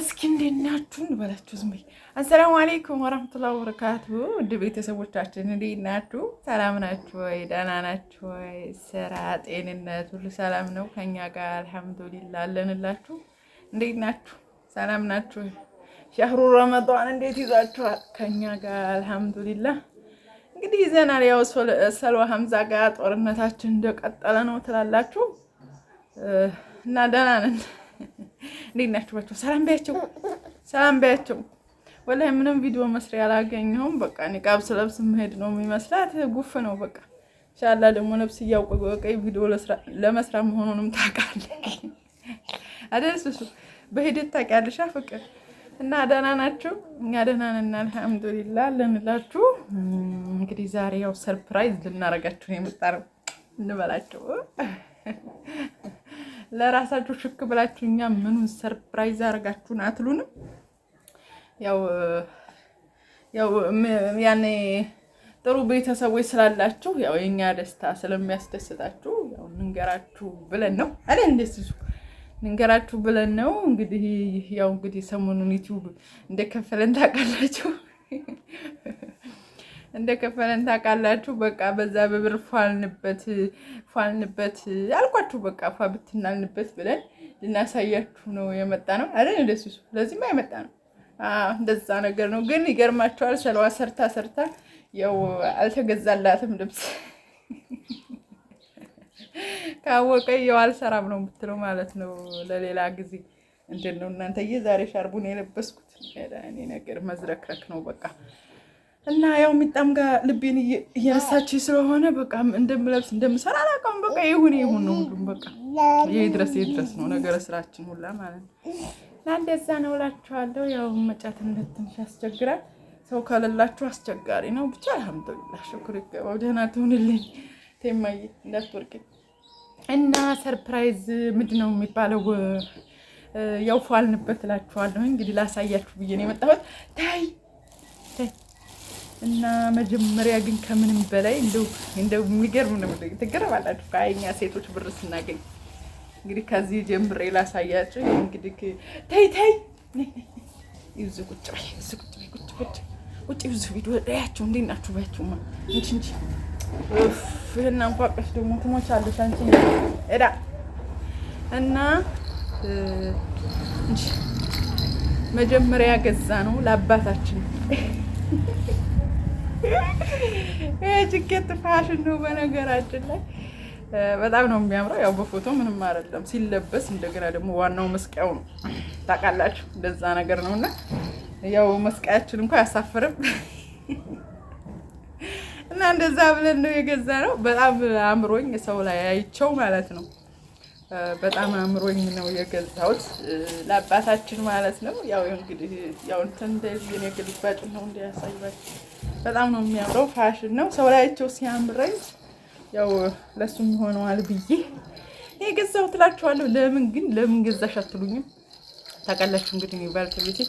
እስኪ እንዴት ናችሁ እንበላችሁ። ዝም አሰላሙ አሌይኩም ወረህመቱላሂ ወበረካቱ። ውድ ቤተሰቦቻችን እንዴት ናችሁ? ሰላም ናችሁ ወይ? ደህና ናችሁ ወይ? ስራ፣ ጤንነት ሁሉ ሰላም ነው ከኛ ጋር አልሐምዱሊላ አለንላችሁ። እንዴት ናችሁ? ሰላም ናችሁ? ሻህሩ ረመዷን እንዴት ይዟችኋል? ከኛ ጋር አልሐምዱሊላ። እንግዲህ ይዘናል። ያው ሰልዋ ሀምዛ ጋር ጦርነታችን እንደቀጠለ ነው ትላላችሁ እና ደህና ነን እንዴት ናችሁ? ባቸው ሰላም በያቸው፣ ሰላም ቢያቸው። ወላሂ ምንም ቪዲዮ መስሪያ አላገኘሁም። በቃ ኒቃብ ስለብስ መሄድ ነው የሚመስላት። ጉፍ ነው በቃ። ሻላ ደግሞ ነብስ እያውቁ በቀይ ቪዲዮ ለመስራት መሆኑንም ታውቃለህ አይደል? እሱ በሂደት ታውቂያለሽ ፍቅር እና ደህና ናችሁ? እኛ ደህና ነን አልሐምዱሊላህ ልንላችሁ። እንግዲህ ዛሬ ያው ሰርፕራይዝ ልናረጋችሁ ነው የመጣነው እንበላቸው ለራሳችሁ ሽክ ብላችሁ እኛ ምኑን ሰርፕራይዝ አድርጋችሁን አትሉንም? ያው ያው ያኔ ጥሩ ቤተሰቦች ስላላችሁ ያው የኛ ደስታ ስለሚያስደስታችሁ ያው ንንገራችሁ ብለን ነው አይደል? እንደሱ ንንገራችሁ ብለን ነው። እንግዲህ ያው እንግዲህ ሰሞኑን ዩቲዩብ እንደከፈለን ታውቃላችሁ። እንደ ከፈለን ታውቃላችሁ። በቃ በዛ በብር ፏልንበት ፏልንበት አልኳችሁ። በቃ ፏ ብትናልንበት ብለን ልናሳያችሁ ነው የመጣ ነው አይደል? እንደሱ ለዚህማ የመጣ ነው። እንደዛ ነገር ነው። ግን ይገርማችኋል፣ ሰለዋ ሰርታ ሰርታ ያው አልተገዛላትም ልብስ። ካወቀ ያው አልሰራም ነው የምትለው ማለት ነው። ለሌላ ጊዜ እንዴት ነው እናንተዬ? ዛሬ ሻርቡን የለበስኩት እኔ ነገር መዝረክረክ ነው በቃ እና ያው ሚጣም ጋር ልቤን እየነሳች ስለሆነ በቃ እንደምለብስ እንደምሰራ አላውቀውም። በቃ ይሁን ይሁን ነው ሁሉም በቃ የድረስ ድረስ ነው ነገረ ስራችን ሁላ ማለት ነው። እና እንደዛ ነው እላችኋለሁ። ያው መጫት ትንሽ ያስቸግራል። ሰው ከሌላችሁ አስቸጋሪ ነው። ብቻ አልሐምዱሊላህ ሽኩር ይገባው። ደህና ትሆንልኝ ቴማዬ እንዳትወርቅ እና ሰርፕራይዝ ምንድን ነው የሚባለው ያው ፏልንበት እላችኋለሁ። እንግዲህ ላሳያችሁ ብዬ ነው የመጣሁት ታይ ታይ እና መጀመሪያ ግን ከምንም በላይ እንደው እንደው የሚገርም ነው። ትገረማላችሁ ከአይኛ ሴቶች ብር ስናገኝ። እንግዲህ ከዚህ ጀምሬ ላሳያችሁ። እንግዲህ ተይ ተይ ይዙ ቁጭ በይ ይብዙ ቁጭ በይ ቁጭ ቁጭ ቁጭ ይዙ ቪዲዮ ያቸው እንዴት ናችሁ? ባያችሁማ እንጂ እንጂ ይህና እንኳቀሽ ደግሞ ትሞቻለሽ አንቺ እዳ እና እንጂ መጀመሪያ ገዛ ነው ለአባታችን ጅኬት ፋሽን ነው በነገራችን ላይ በጣም ነው የሚያምረው። ያው በፎቶ ምንም አይደለም ሲለበስ፣ እንደገና ደግሞ ዋናው መስቀያው ነው ታውቃላችሁ፣ እንደዛ ነገር ነው እና ያው መስቀያችን እንኳ አያሳፍርም እና እንደዛ ብለን ነው የገዛ ነው። በጣም አምሮኝ ሰው ላይ አይቸው ማለት ነው። በጣም አምሮኝ ነው የገዛሁት ለአባታችን ማለት ነው። ያው እንግዲህ ያው እንትን ግልባጭ ነው እንዲያሳይባቸው በጣም ነው የሚያምረው። ፋሽን ነው። ሰው ላያቸው ሲያምረኝ ያው ለሱም ሆነዋል ብዬ ገዛው እላችኋለሁ። ለምን ግን ለምን ገዛሽ አትሉኝም። ታውቃላችሁ እንግዲህ እኔ ባለቤቴ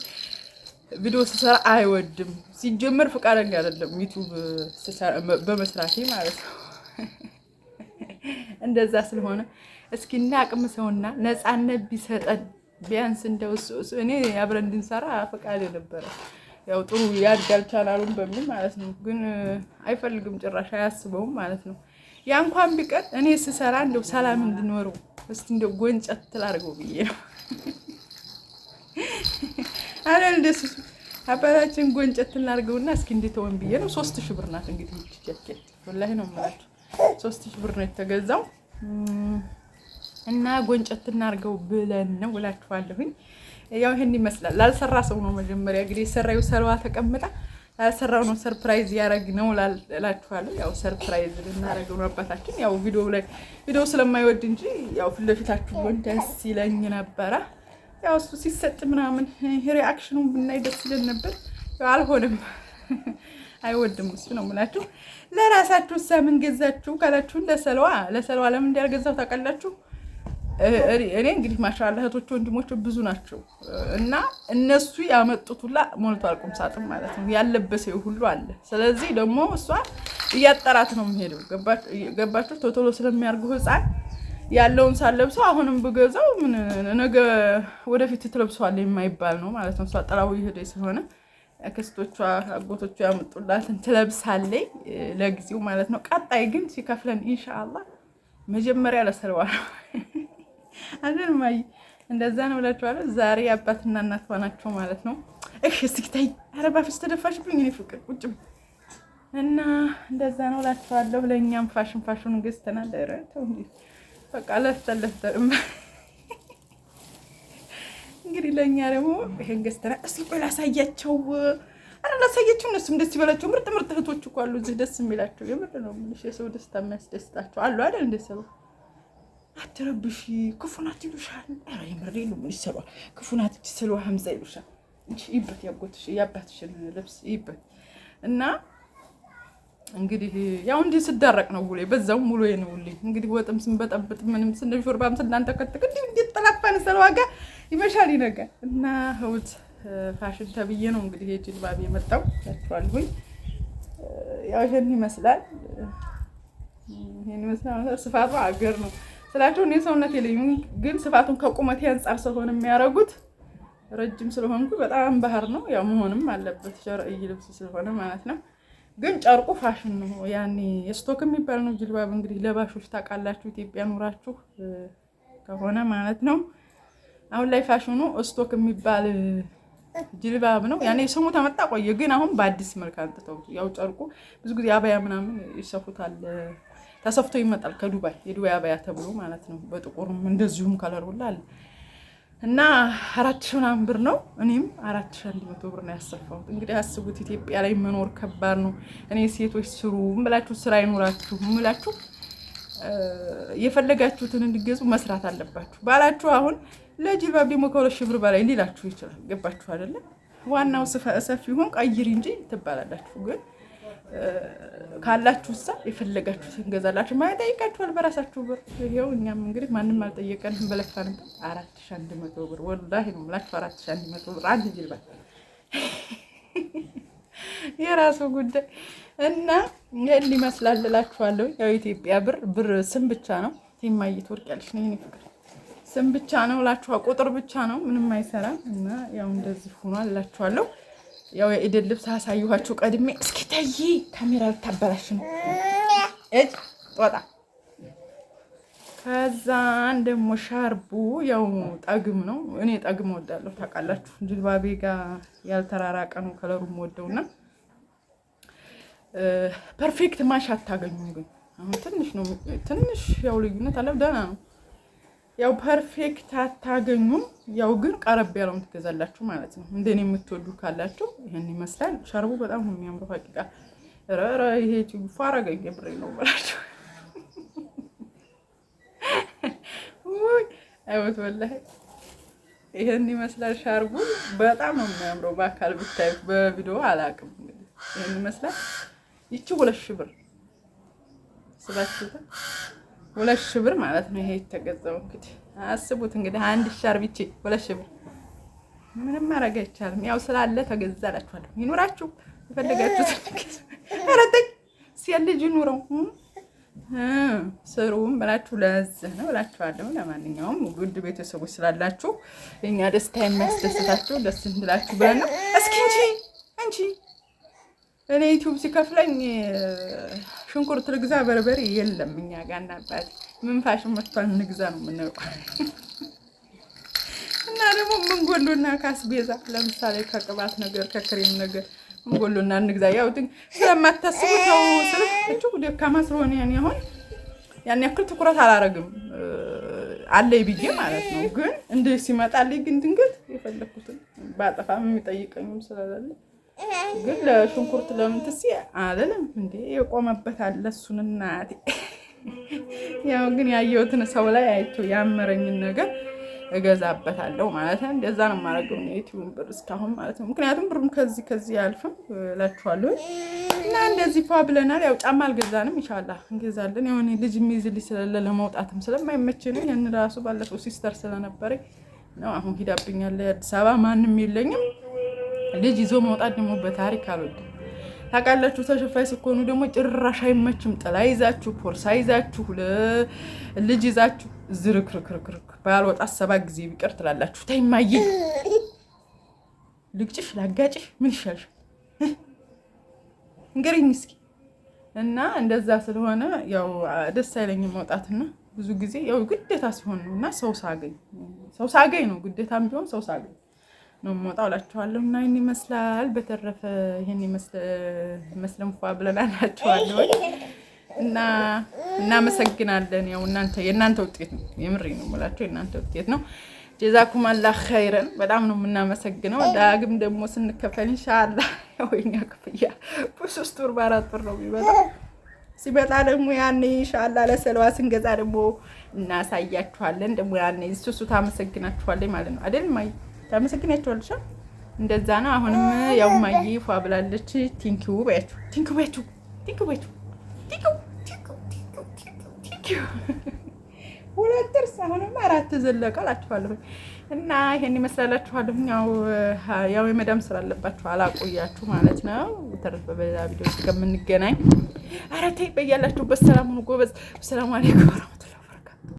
ቪዲዮ ስሰራ አይወድም። ሲጀመር ፈቃደኛ አይደለም ዩቱብ በመስራቴ ማለት ነው። እንደዛ ስለሆነ እስኪ እና አቅም ሰውና ነፃነት ቢሰጠን ቢያንስ እንደው እኔ አብረን እንድንሰራ ፈቃድ የነበረ ያው ጥሩ ያድጋል ቻናሉን በሚል ማለት ነው። ግን አይፈልግም ጭራሽ አያስበውም ማለት ነው። ያ እንኳን ቢቀር እኔ ስሰራ እንደው ሰላም እንድኖረው እስቲ እንደው ጎንጨት ትላርገው ብዬ ነው አረ እንደሱ አባታችን ጎንጨት ትላርገውና እስኪ እንዲተወን ብዬ ነው። ሶስት ሺህ ብር ናት እንግዲህ ይቺ ጃኬት ወላሂ ነው የምላችሁ ሶስት ሺህ ብር ነው የተገዛው እና ጎንጨት እናርገው ብለን ነው እላችኋለሁኝ። ያው ይሄን ይመስላል። ላልሰራ ሰው ነው መጀመሪያ እንግዲህ ሰራዩ ሰራዋ ተቀምጣ ላልሰራው ነው ሰርፕራይዝ ያደረግ ነው እላችኋለሁ። ያው ሰርፕራይዝ ልናደርገው ነው አባታችን። ያው ቪዲዮ ላይ ቪዲዮ ስለማይወድ እንጂ ያው ፊት ለፊታችሁ ሆን ደስ ይለኝ ነበረ። ያው እሱ ሲሰጥ ምናምን ሪአክሽኑ ብናይ ደስ ይለን ነበር። ያው አልሆንም፣ አይወድም እሱ ነው የምላችሁ። ለራሳችሁ ሰምን ገዛችሁ ካላችሁ ለሰለዋ ለሰለዋ ለምን እንዳልገዛው ታውቃላችሁ? እኔ እንግዲህ ማሻላ እህቶች ወንድሞች ብዙ ናቸው እና እነሱ ያመጡት ሁላ ሞልቷል፣ ቁም ሳጥን ማለት ነው። ያለበሰ ሁሉ አለ። ስለዚህ ደግሞ እሷ እያጠራት ነው የምሄደው። ገባችሁ? ቶቶሎ ስለሚያርገው ህፃን ያለውን ሳለብሰው አሁንም ብገዛው ምን ነገ ወደፊት ትለብሰዋል የማይባል ነው ማለት ነው። እሷ ጠራው ይሄደ ስለሆነ ክስቶቿ አጎቶቿ ያመጡላትን ትለብሳለይ ለጊዜው ማለት ነው። ቀጣይ ግን ሲከፍለን ኢንሻአላህ መጀመሪያ ለሰለዋ አዘን ማይ እንደዛ ነው እላችኋለሁ። ዛሬ አባትና እናት ሆናችሁ ማለት ነው። እሺ እስኪ ተይ፣ ኧረ ባፍሽ ተደፋሽብኝ። እኔ ፍቅር ቁጭም እና እንደዛ ነው እላችኋለሁ። ለእኛም ፋሽን ፋሽኑን ገዝተናል። ኧረ ተው እንጂ በቃ ለፍተን ለፍተን እንግዲህ ለእኛ ደግሞ ይሄን ገዝተናል። እስኪ ቆይ ላሳያቸው አረ ላሳያችሁ፣ እነሱም ደስ ይበላቸው። ምርጥ ምርጥ እህቶች እኮ አሉ እዚህ ደስ የሚላቸው። የምር ነው የምልሽ፣ የሰው ደስታ የሚያስደስታቸው አሉ አይደል? እንደ አትረብሽ፣ ክፉ ናት ይሉሻል። ኧረ የምሬ ነው። ምን ይሰሏል? ክፉ ናት እች ስለ ሀምዛ ይሉሻል። ይበት ያጎትሽ ያባትሽን ልብስ ይበት እና እንግዲህ ያው እንዲህ ስዳረቅ ነው ውሌ፣ በዛውም ውሎ ነው ውሌ። እንግዲህ ወጥም ስንበጠብጥ ምንም ስንል ሾርባም ስናንተከትክ እንዲህ እንዴት ጠላፋን ስለ ይመሻል ይነጋል። እና ህውት ፋሽን ተብዬ ነው እንግዲህ የጅልባብ የመጣው ያችኋልሁኝ። ያው ይሄን ይመስላል፣ ይሄን ይመስላል። ስፋቱ አገር ነው ስላቸው እኔ ሰውነት የለኝም፣ ግን ስፋቱን ከቁመቴ አንጻር ስለሆነ የሚያደርጉት ረጅም ስለሆንኩ በጣም ባህር ነው። ያው መሆንም አለበት ሸርዕይ ልብስ ስለሆነ ማለት ነው። ግን ጨርቁ ፋሽን ነው። ያኔ ስቶክ የሚባል ነው። ጅልባብ እንግዲህ ለባሾች ታውቃላችሁ፣ ኢትዮጵያ ኑራችሁ ከሆነ ማለት ነው። አሁን ላይ ፋሽኑ ስቶክ የሚባል ጅልባብ ነው ያኔ ስሙ ተመጣ ቆየ። ግን አሁን በአዲስ መልክ አንጥተው ያው ጨርቁ ብዙ ጊዜ አበያ ምናምን ይሰፉታል። ተሰፍቶ ይመጣል ከዱባይ የዱባይ አበያ ተብሎ ማለት ነው። በጥቁርም እንደዚሁም ሁላ አለ እና አራት ሺህ ምናምን ብር ነው። እኔም አራት ሺህ አንድ መቶ ብር ነው ያሰፋሁት። እንግዲህ አስቡት ኢትዮጵያ ላይ መኖር ከባድ ነው። እኔ ሴቶች ስሩ ምላችሁ ስራ ይኖራችሁ ምላችሁ የፈለጋችሁትን እንድገዙ መስራት አለባችሁ። ባላችሁ አሁን ለጅልባብ ደግሞ ከሁለት ሺህ ብር በላይ ሊላችሁ ይችላል። ገባችሁ አይደለ? ዋናው ሰፊ ሆን ቀይር እንጂ ትባላላችሁ። ግን ካላችሁ ሳ የፈለጋችሁት እንገዛላችሁ ማለት ጠይቃችኋል በራሳችሁ ብር። ይኸው እኛም እንግዲህ ማንም አልጠየቀንም በለፋንበት አራት ሺህ አንድ መቶ ብር ወላሂ ነው የምላችሁ። አራት ሺህ አንድ መቶ ብር አንድ ጅልባብ የራሱ ጉዳይ እና ይህን ሊመስላል እላችኋለሁ። ያው ኢትዮጵያ ብር ብር ስም ብቻ ነው። የማየ ወርቅ ያለች ነው የእኔ ፍቅር ስም ብቻ ነው እላችኋ፣ ቁጥር ብቻ ነው፣ ምንም አይሰራም። እና ያው እንደዚህ ሆኗል እላችኋለሁ። ያው የኢድል ልብስ አሳየኋችሁ ቀድሜ። እስኪ ታይ ካሜራ ልታበላሽ ነው እጅ ወጣ ከዛን ደግሞ ሻርቡ ያው ጠግም ነው። እኔ ጠግም ወዳለሁ ታውቃላችሁ። ጅልባቤ ጋር ያልተራራቀ ነው ከለሩ ወደውና ፐርፌክት ማሽ አታገኙም። ግን አሁን ትንሽ ነው ትንሽ ያው ልዩነት አለ። ደህና ነው ያው ፐርፌክት አታገኙም። ያው ግን ቀረብ ያለውን ትገዛላችሁ ማለት ነው። እንደኔ የምትወዱ ካላችሁ ይህን ይመስላል። ሻርቡ በጣም ነው የሚያምረው። ሀቂቃ ረረ ይሄ ቲጉፋ አረገኝ ብሬ ነው ብላችሁ አይወት ወላሂ ይህን ይመስላል። ሻርቡ በጣም ነው የሚያምረው። በአካል ብታዩት በቪዲዮ አላውቅም። ይህን ይመስላል። ይቺ ሁለት ሺህ ብር ስባችሁት ሁለት ሺህ ብር ማለት ነው። ይሄ የተገዛው እንግዲህ አስቡት እንግዲህ አንድ ሻርብ ብቻ ሁለት ሺህ ብር ምንም ማድረግ አይቻልም። ያው ስላለ ተገዛ እላችኋለሁ። ይኑራችሁ የፈለጋችሁት። ኧረ ተይ ሴት ልጅ ይኑረው ስሩም ብላችሁ ለዚህ ነው እላችኋለሁ። ለማንኛውም ውድ ቤተሰቦች ስላላችሁ እኛ ደስታ የሚያስደስታችሁ ደስ እንድላችሁ ብለን ነው። እስኪ እንጂ እንጂ እኔ ዩቲዩብ ሲከፍለኝ ሽንኩርት ልግዛ በርበሬ የለም እኛ ጋር እናባት ምን ፋሽን መጥቷል እንግዛ ነው የምንለው። እና ደግሞ ምን ጎሎና ካስቤዛ ለምሳሌ ከቅባት ነገር ከክሬም ነገር ምን ጎሎና እንግዛ። ያው ግን ስለማታስቡ ተው ስልክ ደካማ ስለሆነ ያን ያሁን ያን ያክል ትኩረት አላረግም አለይ ብዬ ማለት ነው። ግን እንደ ሲመጣልኝ ግን ድንገት የፈለኩትን ባጠፋም የሚጠይቀኝም ስለሌለ ግን ለሽንኩርት ለምን ትስ አልልም እንዴ የቆመበት አለ። እሱን እናቴ ያው ግን ያየሁትን ሰው ላይ አይቶ ያመረኝን ነገር እገዛበታለሁ ማለት ነው። እንደዛ ነው የማደርገው የዩቲዩብ ብር እስካሁን ማለት ነው። ምክንያቱም ብሩም ከዚህ ከዚህ አልፍም እላችኋለሁ። እና እንደዚህ ፏ ብለናል። ያው ጫማ አልገዛንም፣ ኢንሻላህ እንገዛለን። የሆነ ልጅ የሚይዝልኝ ስለሌለ ለመውጣትም ነው። ያን ራሱ ባለፈው ሲስተር ስለነበረ ነው አሁን ሂዳብኛለ። አዲስ አበባ ማንም የለኝም ልጅ ይዞ መውጣት ደግሞ በታሪክ አልወድም። ታውቃላችሁ፣ ተሸፋይ ስትሆኑ ደግሞ ጭራሽ አይመችም። ጥላ ይዛችሁ፣ ፖርሳ ይዛችሁ፣ ልጅ ይዛችሁ ዝርክርክርክርክ ባልወጣ ሰባ ጊዜ ቢቀር ትላላችሁ። ታይማየ ልግጭሽ፣ ላጋጭሽ፣ ምን ይሻልሽ እንገሪኝ እስኪ። እና እንደዛ ስለሆነ ያው ደስ አይለኝም መውጣትና ብዙ ጊዜ ያው ግዴታ ሲሆን ነው እና ሰው ሳገኝ ሰው ሳገኝ ነው ግዴታም ቢሆን ሰው ሳገኝ ነው የምወጣው እላችኋለሁ። እና ይህን ይመስላል። በተረፈ ይህን መስለም ፏ ብለን አላችኋለሁ እና እናመሰግናለን። ያው እናንተ የእናንተ ውጤት ነው፣ የምሬ ነው የምላቸው የእናንተ ውጤት ነው። ጀዛኩም አላህ ኸይረን በጣም ነው የምናመሰግነው። ዳግም ደግሞ ስንከፈል እንሻላ ወይኛ ክፍያ በሶስት ወር በአራት ወር ነው የሚመጣ። ሲመጣ ደግሞ ያኔ እንሻላ ለሰለዋ ስንገዛ ደግሞ እናሳያችኋለን። ደግሞ ያኔ እሱ እሱ ታመሰግናችኋለኝ ማለት ነው አይደል ማይ ታመሰግን እንደዛ ነው። አሁንም ያው ፏ ብላለች። ቲንኪው ባያችሁ፣ ቲንኪው ባያችሁ፣ ቲንኪው ባያችሁ፣ ቲንኪው ሁለት አሁንም አራት ዘለቀ እላችኋለሁ። እና ይሄን ይመስላላችኋለሁ። ያው የመዳም ስራ አለባችሁ አላቆያችሁ ማለት ነው። በሌላ ቪዲዮ እስከምንገናኝ በያላችሁበት ሰላም ሁኑ። ጎበዝ። ሰላም አለይኩም።